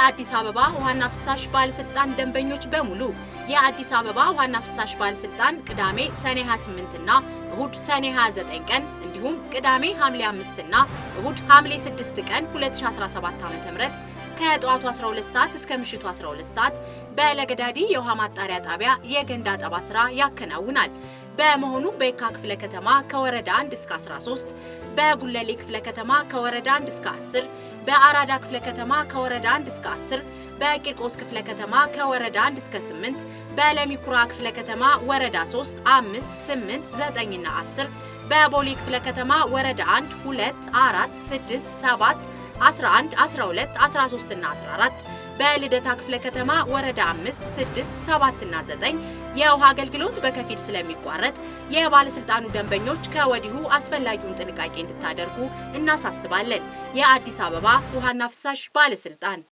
የአዲስ አበባ ውሃና ፍሳሽ ባለስልጣን ደንበኞች በሙሉ የአዲስ አበባ ውሃና ፍሳሽ ባለስልጣን ቅዳሜ ሰኔ 28 እና እሁድ ሰኔ 29 ቀን እንዲሁም ቅዳሜ ሐምሌ 5 እና እሁድ ሐምሌ 6 ቀን 2017 ዓ.ም ከጠዋቱ 12 ሰዓት እስከ ምሽቱ 12 ሰዓት በለገዳዲ የውሃ ማጣሪያ ጣቢያ የገንዳ ጠባ ስራ ያከናውናል። በመሆኑ በየካ ክፍለ ከተማ ከወረዳ 1 እስከ 13፣ በጉለሌ ክፍለ ከተማ ከወረዳ 1 እስከ 10 በአራዳ ክፍለ ከተማ ከወረዳ 1 እስከ 10 በቂርቆስ ክፍለ ከተማ ከወረዳ 1 እስከ 8 በለሚኩራ ክፍለ ከተማ ወረዳ 3፣ 5፣ 8፣ 9 እና 10 በቦሌ ክፍለ ከተማ ወረዳ 1፣ 2፣ 4፣ 6፣ 7፣ 11፣ 12፣ 13 እና 14 በልደታ ክፍለ ከተማ ወረዳ 5፣ 6፣ 7 እና 9 የውሃ አገልግሎት በከፊል ስለሚቋረጥ የባለስልጣኑ ደንበኞች ከወዲሁ አስፈላጊውን ጥንቃቄ እንድታደርጉ እናሳስባለን። የአዲስ አበባ ውሃና ፍሳሽ ባለስልጣን